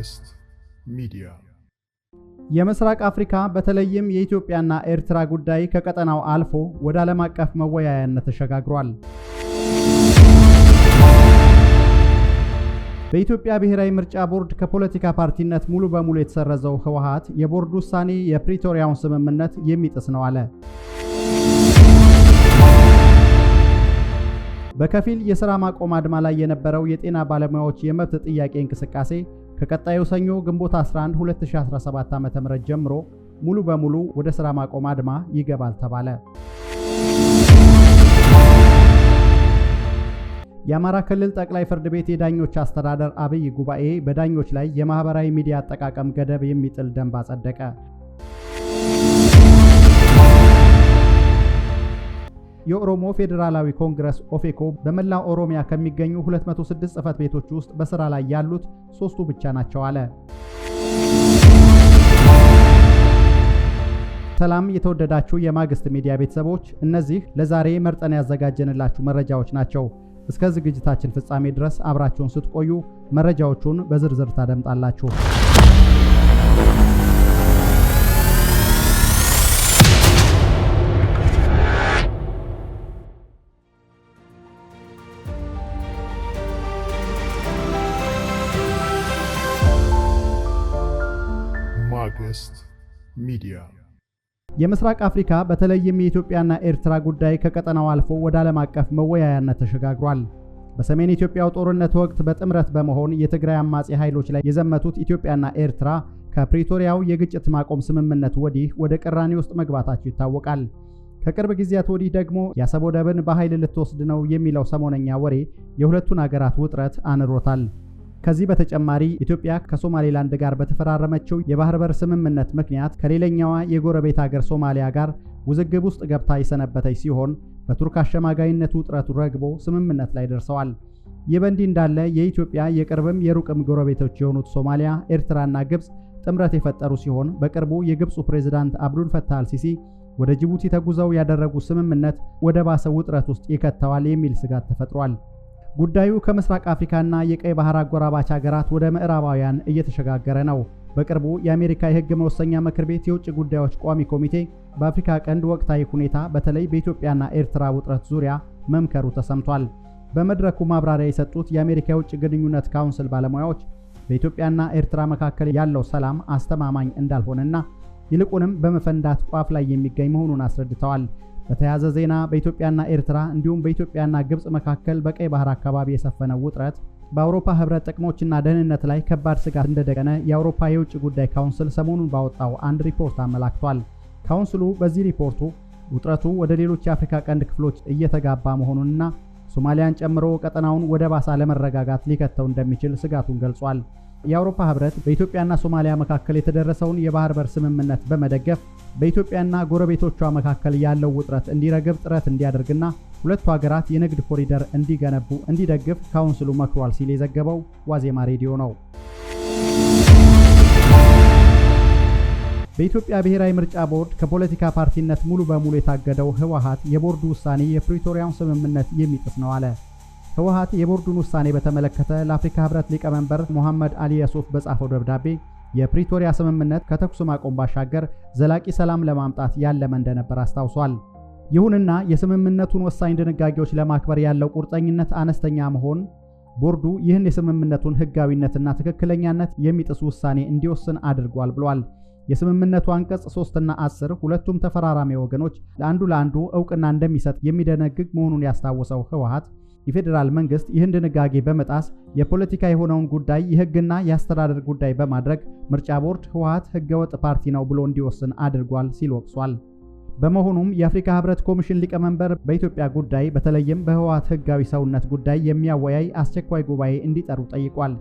ዌስት ሚዲያ የምስራቅ አፍሪካ በተለይም የኢትዮጵያና ኤርትራ ጉዳይ ከቀጠናው አልፎ ወደ ዓለም አቀፍ መወያያነት ተሸጋግሯል። በኢትዮጵያ ብሔራዊ ምርጫ ቦርድ ከፖለቲካ ፓርቲነት ሙሉ በሙሉ የተሰረዘው ህወሓት የቦርድ ውሳኔ የፕሪቶሪያውን ስምምነት የሚጥስ ነው አለ። በከፊል የሥራ ማቆም አድማ ላይ የነበረው የጤና ባለሙያዎች የመብት ጥያቄ እንቅስቃሴ ከቀጣዩ ሰኞ ግንቦት 11 2017 ዓ.ም ጀምሮ ሙሉ በሙሉ ወደ ሥራ ማቆም አድማ ይገባል ተባለ። የአማራ ክልል ጠቅላይ ፍርድ ቤት የዳኞች አስተዳደር አብይ ጉባኤ በዳኞች ላይ የማኅበራዊ ሚዲያ አጠቃቀም ገደብ የሚጥል ደንብ አጸደቀ። የኦሮሞ ፌዴራላዊ ኮንግረስ ኦፌኮ በመላ ኦሮሚያ ከሚገኙ 206 ጽህፈት ቤቶች ውስጥ በሥራ ላይ ያሉት ሦስቱ ብቻ ናቸው አለ። ሰላም የተወደዳችሁ የማግስት ሚዲያ ቤተሰቦች፣ እነዚህ ለዛሬ መርጠን ያዘጋጀንላችሁ መረጃዎች ናቸው። እስከ ዝግጅታችን ፍጻሜ ድረስ አብራችሁን ስትቆዩ መረጃዎቹን በዝርዝር ታደምጣላችሁ። ማግስት ሚዲያ የምስራቅ አፍሪካ በተለይም የኢትዮጵያና ኤርትራ ጉዳይ ከቀጠናው አልፎ ወደ ዓለም አቀፍ መወያያነት ተሸጋግሯል። በሰሜን ኢትዮጵያው ጦርነት ወቅት በጥምረት በመሆን የትግራይ አማጺ ኃይሎች ላይ የዘመቱት ኢትዮጵያና ኤርትራ ከፕሪቶሪያው የግጭት ማቆም ስምምነት ወዲህ ወደ ቅራኔ ውስጥ መግባታቸው ይታወቃል። ከቅርብ ጊዜያት ወዲህ ደግሞ የአሰብ ወደብን በኃይል ልትወስድ ነው የሚለው ሰሞነኛ ወሬ የሁለቱን አገራት ውጥረት አንሮታል። ከዚህ በተጨማሪ ኢትዮጵያ ከሶማሌላንድ ጋር በተፈራረመችው የባህር በር ስምምነት ምክንያት ከሌላኛዋ የጎረቤት አገር ሶማሊያ ጋር ውዝግብ ውስጥ ገብታ የሰነበተች ሲሆን በቱርክ አሸማጋይነቱ ውጥረቱ ረግቦ ስምምነት ላይ ደርሰዋል። ይህ በእንዲህ እንዳለ የኢትዮጵያ የቅርብም የሩቅም ጎረቤቶች የሆኑት ሶማሊያ፣ ኤርትራና ግብፅ ጥምረት የፈጠሩ ሲሆን በቅርቡ የግብፁ ፕሬዝዳንት አብዱል ፈታህ አልሲሲ ወደ ጅቡቲ ተጉዘው ያደረጉ ስምምነት ወደ ባሰ ውጥረት ውስጥ ይከተዋል የሚል ስጋት ተፈጥሯል። ጉዳዩ ከምስራቅ አፍሪካና የቀይ ባህር አጎራባች ሀገራት ወደ ምዕራባውያን እየተሸጋገረ ነው። በቅርቡ የአሜሪካ የህግ መወሰኛ ምክር ቤት የውጭ ጉዳዮች ቋሚ ኮሚቴ በአፍሪካ ቀንድ ወቅታዊ ሁኔታ በተለይ በኢትዮጵያና ኤርትራ ውጥረት ዙሪያ መምከሩ ተሰምቷል። በመድረኩ ማብራሪያ የሰጡት የአሜሪካ የውጭ ግንኙነት ካውንስል ባለሙያዎች በኢትዮጵያና ኤርትራ መካከል ያለው ሰላም አስተማማኝ እንዳልሆነና ይልቁንም በመፈንዳት ቋፍ ላይ የሚገኝ መሆኑን አስረድተዋል። በተያያዘ ዜና በኢትዮጵያና ኤርትራ እንዲሁም በኢትዮጵያና ግብፅ መካከል በቀይ ባህር አካባቢ የሰፈነው ውጥረት በአውሮፓ ህብረት ጥቅሞችና ደህንነት ላይ ከባድ ስጋት እንደደቀነ የአውሮፓ የውጭ ጉዳይ ካውንስል ሰሞኑን ባወጣው አንድ ሪፖርት አመላክቷል። ካውንስሉ በዚህ ሪፖርቱ ውጥረቱ ወደ ሌሎች የአፍሪካ ቀንድ ክፍሎች እየተጋባ መሆኑንና ሶማሊያን ጨምሮ ቀጠናውን ወደ ባሳ ለመረጋጋት ሊከተው እንደሚችል ስጋቱን ገልጿል። የአውሮፓ ህብረት በኢትዮጵያና ሶማሊያ መካከል የተደረሰውን የባህር በር ስምምነት በመደገፍ በኢትዮጵያና ጎረቤቶቿ መካከል ያለው ውጥረት እንዲረግብ ጥረት እንዲያደርግና ሁለቱ ሀገራት የንግድ ኮሪደር እንዲገነቡ እንዲደግፍ ካውንስሉ መክሯል ሲል የዘገበው ዋዜማ ሬዲዮ ነው። በኢትዮጵያ ብሔራዊ ምርጫ ቦርድ ከፖለቲካ ፓርቲነት ሙሉ በሙሉ የታገደው ህወሀት የቦርዱ ውሳኔ የፕሪቶሪያውን ስምምነት የሚጥስ ነው አለ። ህወሀት የቦርዱን ውሳኔ በተመለከተ ለአፍሪካ ህብረት ሊቀመንበር ሞሐመድ አሊ የሱፍ በጻፈው ደብዳቤ የፕሪቶሪያ ስምምነት ከተኩስ ማቆም ባሻገር ዘላቂ ሰላም ለማምጣት ያለመ እንደነበር አስታውሷል። ይሁንና የስምምነቱን ወሳኝ ድንጋጌዎች ለማክበር ያለው ቁርጠኝነት አነስተኛ መሆን ቦርዱ ይህን የስምምነቱን ሕጋዊነትና ትክክለኛነት የሚጥስ ውሳኔ እንዲወስን አድርጓል ብሏል። የስምምነቱ አንቀጽ 3 እና 10 ሁለቱም ተፈራራሚ ወገኖች ለአንዱ ለአንዱ እውቅና እንደሚሰጥ የሚደነግግ መሆኑን ያስታወሰው ህወሓት የፌዴራል መንግስት ይህን ድንጋጌ በመጣስ የፖለቲካ የሆነውን ጉዳይ የህግና የአስተዳደር ጉዳይ በማድረግ ምርጫ ቦርድ ህወሀት ህገወጥ ፓርቲ ነው ብሎ እንዲወስን አድርጓል ሲል ወቅሷል። በመሆኑም የአፍሪካ ህብረት ኮሚሽን ሊቀመንበር በኢትዮጵያ ጉዳይ በተለይም በህወሀት ህጋዊ ሰውነት ጉዳይ የሚያወያይ አስቸኳይ ጉባኤ እንዲጠሩ ጠይቋል።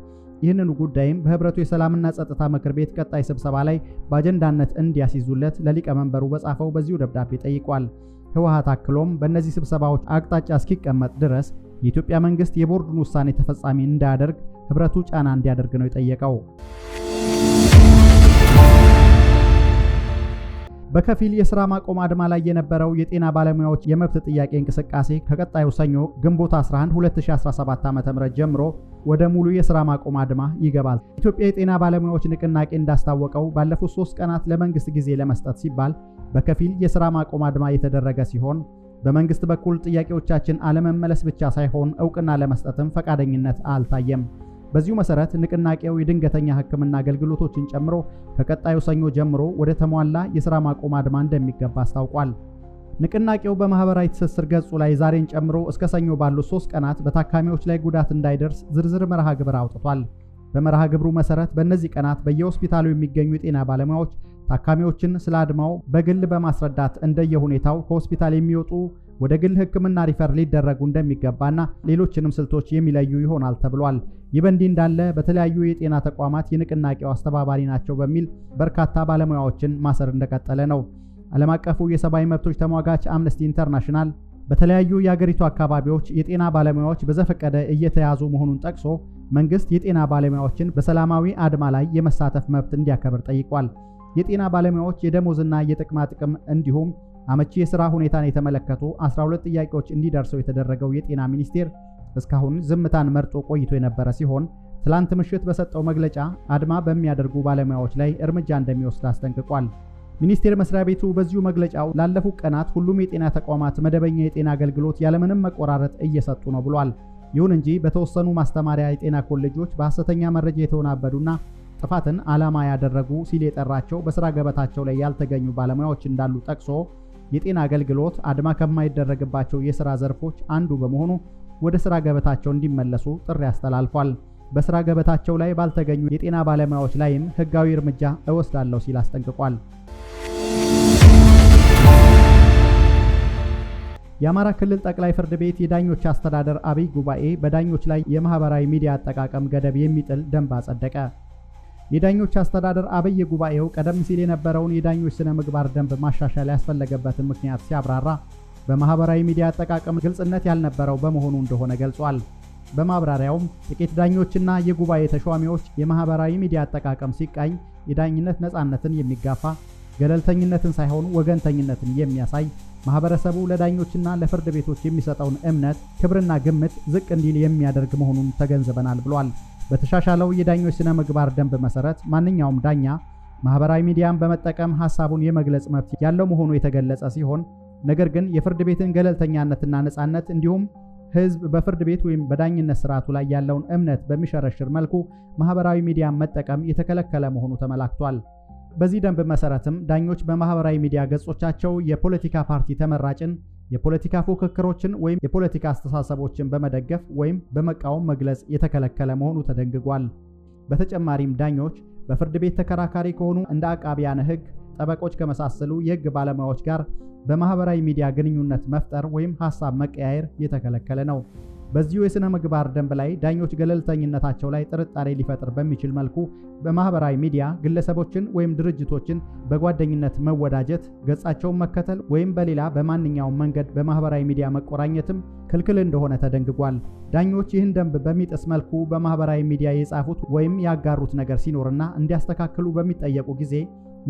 ይህንኑ ጉዳይም በህብረቱ የሰላምና ጸጥታ ምክር ቤት ቀጣይ ስብሰባ ላይ በአጀንዳነት እንዲያስይዙለት ለሊቀመንበሩ በጻፈው በዚሁ ደብዳቤ ጠይቋል። ህወሀት አክሎም በእነዚህ ስብሰባዎች አቅጣጫ እስኪቀመጥ ድረስ የኢትዮጵያ መንግስት የቦርዱን ውሳኔ ተፈጻሚ እንዳያደርግ ህብረቱ ጫና እንዲያደርግ ነው የጠየቀው። በከፊል የሥራ ማቆም አድማ ላይ የነበረው የጤና ባለሙያዎች የመብት ጥያቄ እንቅስቃሴ ከቀጣዩ ሰኞ ግንቦት 11 2017 ዓ.ም ጀምሮ ወደ ሙሉ የሥራ ማቆም አድማ ይገባል። ኢትዮጵያ የጤና ባለሙያዎች ንቅናቄ እንዳስታወቀው ባለፉት ሶስት ቀናት ለመንግሥት ጊዜ ለመስጠት ሲባል በከፊል የሥራ ማቆም አድማ የተደረገ ሲሆን በመንግሥት በኩል ጥያቄዎቻችን አለመመለስ ብቻ ሳይሆን ዕውቅና ለመስጠትም ፈቃደኝነት አልታየም። በዚሁ መሠረት ንቅናቄው የድንገተኛ ሕክምና አገልግሎቶችን ጨምሮ ከቀጣዩ ሰኞ ጀምሮ ወደ ተሟላ የሥራ ማቆም አድማ እንደሚገባ አስታውቋል። ንቅናቄው በማህበራዊ ትስስር ገጹ ላይ ዛሬን ጨምሮ እስከ ሰኞ ባሉት ሶስት ቀናት በታካሚዎች ላይ ጉዳት እንዳይደርስ ዝርዝር መርሃ ግብር አውጥቷል። በመርሃ ግብሩ መሠረት በእነዚህ ቀናት በየሆስፒታሉ የሚገኙ የጤና ባለሙያዎች ታካሚዎችን ስለ አድማው በግል በማስረዳት እንደየሁኔታው ከሆስፒታል የሚወጡ ወደ ግል ሕክምና ሪፈር ሊደረጉ እንደሚገባና ሌሎችንም ስልቶች የሚለዩ ይሆናል ተብሏል። ይህ በእንዲህ እንዳለ በተለያዩ የጤና ተቋማት የንቅናቄው አስተባባሪ ናቸው በሚል በርካታ ባለሙያዎችን ማሰር እንደቀጠለ ነው። ዓለም አቀፉ የሰብአዊ መብቶች ተሟጋች አምነስቲ ኢንተርናሽናል በተለያዩ የአገሪቱ አካባቢዎች የጤና ባለሙያዎች በዘፈቀደ እየተያዙ መሆኑን ጠቅሶ መንግስት የጤና ባለሙያዎችን በሰላማዊ አድማ ላይ የመሳተፍ መብት እንዲያከብር ጠይቋል። የጤና ባለሙያዎች የደሞዝና የጥቅማ ጥቅም እንዲሁም አመቺ የሥራ ሁኔታን የተመለከቱ 12 ጥያቄዎች እንዲደርሰው የተደረገው የጤና ሚኒስቴር እስካሁን ዝምታን መርጦ ቆይቶ የነበረ ሲሆን ትላንት ምሽት በሰጠው መግለጫ አድማ በሚያደርጉ ባለሙያዎች ላይ እርምጃ እንደሚወስድ አስጠንቅቋል። ሚኒስቴር መስሪያ ቤቱ በዚሁ መግለጫው ላለፉት ቀናት ሁሉም የጤና ተቋማት መደበኛ የጤና አገልግሎት ያለምንም መቆራረጥ እየሰጡ ነው ብሏል። ይሁን እንጂ በተወሰኑ ማስተማሪያ የጤና ኮሌጆች በሐሰተኛ መረጃ የተወናበዱና ጥፋትን ዓላማ ያደረጉ ሲል የጠራቸው በስራ ገበታቸው ላይ ያልተገኙ ባለሙያዎች እንዳሉ ጠቅሶ የጤና አገልግሎት አድማ ከማይደረግባቸው የስራ ዘርፎች አንዱ በመሆኑ ወደ ስራ ገበታቸው እንዲመለሱ ጥሪ አስተላልፏል። በስራ ገበታቸው ላይ ባልተገኙ የጤና ባለሙያዎች ላይም ሕጋዊ እርምጃ እወስዳለሁ ሲል አስጠንቅቋል። የአማራ ክልል ጠቅላይ ፍርድ ቤት የዳኞች አስተዳደር አብይ ጉባኤ በዳኞች ላይ የማህበራዊ ሚዲያ አጠቃቀም ገደብ የሚጥል ደንብ አጸደቀ። የዳኞች አስተዳደር አብይ ጉባኤው ቀደም ሲል የነበረውን የዳኞች ስነ ምግባር ደንብ ማሻሻል ያስፈለገበትን ምክንያት ሲያብራራ በማህበራዊ ሚዲያ አጠቃቀም ግልጽነት ያልነበረው በመሆኑ እንደሆነ ገልጿል። በማብራሪያውም ጥቂት ዳኞችና የጉባኤ ተሿሚዎች የማህበራዊ ሚዲያ አጠቃቀም ሲቃኝ የዳኝነት ነፃነትን የሚጋፋ ገለልተኝነትን ሳይሆን ወገንተኝነትን የሚያሳይ ማህበረሰቡ ለዳኞችና ለፍርድ ቤቶች የሚሰጠውን እምነት፣ ክብርና ግምት ዝቅ እንዲል የሚያደርግ መሆኑን ተገንዝበናል ብሏል። በተሻሻለው የዳኞች ስነ ምግባር ደንብ መሰረት ማንኛውም ዳኛ ማህበራዊ ሚዲያን በመጠቀም ሀሳቡን የመግለጽ መብት ያለው መሆኑ የተገለጸ ሲሆን ነገር ግን የፍርድ ቤትን ገለልተኛነትና ነፃነት እንዲሁም ህዝብ በፍርድ ቤት ወይም በዳኝነት ስርዓቱ ላይ ያለውን እምነት በሚሸረሽር መልኩ ማህበራዊ ሚዲያን መጠቀም የተከለከለ መሆኑ ተመላክቷል። በዚህ ደንብ መሰረትም ዳኞች በማህበራዊ ሚዲያ ገጾቻቸው የፖለቲካ ፓርቲ ተመራጭን የፖለቲካ ፉክክሮችን ወይም የፖለቲካ አስተሳሰቦችን በመደገፍ ወይም በመቃወም መግለጽ የተከለከለ መሆኑ ተደንግጓል። በተጨማሪም ዳኞች በፍርድ ቤት ተከራካሪ ከሆኑ እንደ አቃቢያነ ሕግ፣ ጠበቆች ከመሳሰሉ የሕግ ባለሙያዎች ጋር በማህበራዊ ሚዲያ ግንኙነት መፍጠር ወይም ሀሳብ መቀያየር የተከለከለ ነው። በዚሁ የሥነ ምግባር ደንብ ላይ ዳኞች ገለልተኝነታቸው ላይ ጥርጣሬ ሊፈጥር በሚችል መልኩ በማኅበራዊ ሚዲያ ግለሰቦችን ወይም ድርጅቶችን በጓደኝነት መወዳጀት፣ ገጻቸውን መከተል ወይም በሌላ በማንኛውም መንገድ በማኅበራዊ ሚዲያ መቆራኘትም ክልክል እንደሆነ ተደንግጓል። ዳኞች ይህን ደንብ በሚጥስ መልኩ በማኅበራዊ ሚዲያ የጻፉት ወይም ያጋሩት ነገር ሲኖርና እንዲያስተካክሉ በሚጠየቁ ጊዜ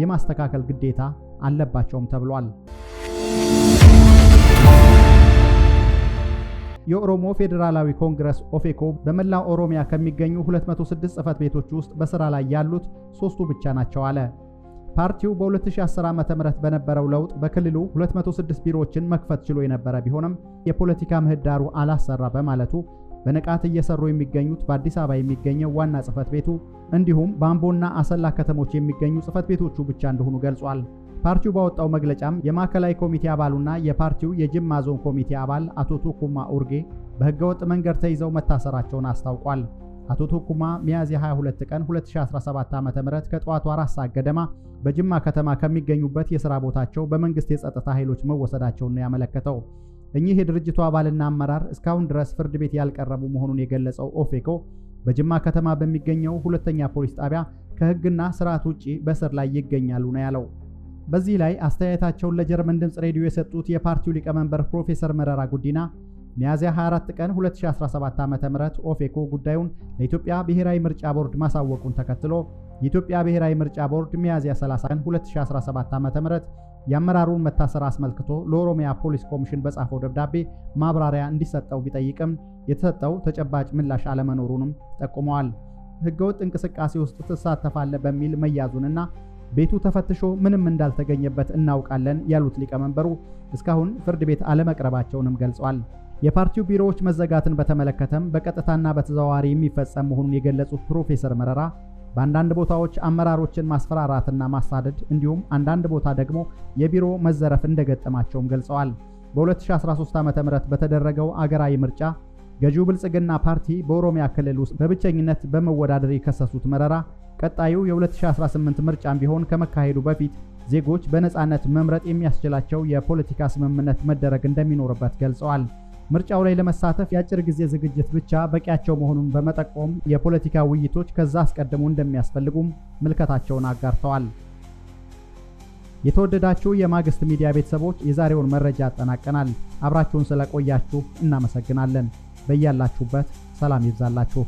የማስተካከል ግዴታ አለባቸውም ተብሏል። የኦሮሞ ፌዴራላዊ ኮንግረስ ኦፌኮ በመላው ኦሮሚያ ከሚገኙ 206 ጽሕፈት ቤቶች ውስጥ በሥራ ላይ ያሉት ሶስቱ ብቻ ናቸው አለ። ፓርቲው በ2010 ዓ.ም በነበረው ለውጥ በክልሉ 206 ቢሮዎችን መክፈት ችሎ የነበረ ቢሆንም የፖለቲካ ምህዳሩ አላሰራ በማለቱ በንቃት እየሰሩ የሚገኙት በአዲስ አበባ የሚገኘው ዋና ጽህፈት ቤቱ እንዲሁም በአምቦና አሰላ ከተሞች የሚገኙ ጽፈት ቤቶቹ ብቻ እንደሆኑ ገልጿል። ፓርቲው ባወጣው መግለጫም የማዕከላዊ ኮሚቴ አባሉና የፓርቲው የጅማ ዞን ኮሚቴ አባል አቶ ቶኩማ ኡርጌ በህገወጥ መንገድ ተይዘው መታሰራቸውን አስታውቋል። አቶ ቶኩማ ሚያዝያ 22 ቀን 2017 ዓ.ም ከጠዋቱ አራት ሰዓት ገደማ በጅማ ከተማ ከሚገኙበት የሥራ ቦታቸው በመንግስት የጸጥታ ኃይሎች መወሰዳቸውን ነው ያመለከተው። እኚህ የድርጅቱ አባልና አመራር እስካሁን ድረስ ፍርድ ቤት ያልቀረቡ መሆኑን የገለጸው ኦፌኮ በጅማ ከተማ በሚገኘው ሁለተኛ ፖሊስ ጣቢያ ከህግና ስርዓት ውጪ በስር ላይ ይገኛሉ ነው ያለው። በዚህ ላይ አስተያየታቸውን ለጀርመን ድምፅ ሬዲዮ የሰጡት የፓርቲው ሊቀመንበር ፕሮፌሰር መረራ ጉዲና ሚያዝያ 24 ቀን 2017 ዓ.ም ኦፌኮ ጉዳዩን ለኢትዮጵያ ብሔራዊ ምርጫ ቦርድ ማሳወቁን ተከትሎ የኢትዮጵያ ብሔራዊ ምርጫ ቦርድ ሚያዝያ 30 ቀን 2017 ዓ.ም የአመራሩን መታሰር አስመልክቶ ለኦሮሚያ ፖሊስ ኮሚሽን በጻፈው ደብዳቤ ማብራሪያ እንዲሰጠው ቢጠይቅም የተሰጠው ተጨባጭ ምላሽ አለመኖሩንም ጠቁመዋል። ህገወጥ እንቅስቃሴ ውስጥ ትሳተፋለህ በሚል መያዙንና ቤቱ ተፈትሾ ምንም እንዳልተገኘበት እናውቃለን ያሉት ሊቀመንበሩ እስካሁን ፍርድ ቤት አለመቅረባቸውንም ገልጸዋል። የፓርቲው ቢሮዎች መዘጋትን በተመለከተም በቀጥታና በተዘዋዋሪ የሚፈጸም መሆኑን የገለጹት ፕሮፌሰር መረራ በአንዳንድ ቦታዎች አመራሮችን ማስፈራራትና ማሳደድ እንዲሁም አንዳንድ ቦታ ደግሞ የቢሮ መዘረፍ እንደገጠማቸውም ገልጸዋል። በ2013 ዓ ም በተደረገው አገራዊ ምርጫ ገዢው ብልጽግና ፓርቲ በኦሮሚያ ክልል ውስጥ በብቸኝነት በመወዳደር የከሰሱት መረራ ቀጣዩ የ2018 ምርጫም ቢሆን ከመካሄዱ በፊት ዜጎች በነፃነት መምረጥ የሚያስችላቸው የፖለቲካ ስምምነት መደረግ እንደሚኖርበት ገልጸዋል። ምርጫው ላይ ለመሳተፍ የአጭር ጊዜ ዝግጅት ብቻ በቂያቸው መሆኑን በመጠቆም የፖለቲካ ውይይቶች ከዛ አስቀድሞ እንደሚያስፈልጉም ምልከታቸውን አጋርተዋል። የተወደዳችሁ የማግስት ሚዲያ ቤተሰቦች የዛሬውን መረጃ ያጠናቀናል። አብራችሁን ስለቆያችሁ እናመሰግናለን። በያላችሁበት ሰላም ይብዛላችሁ።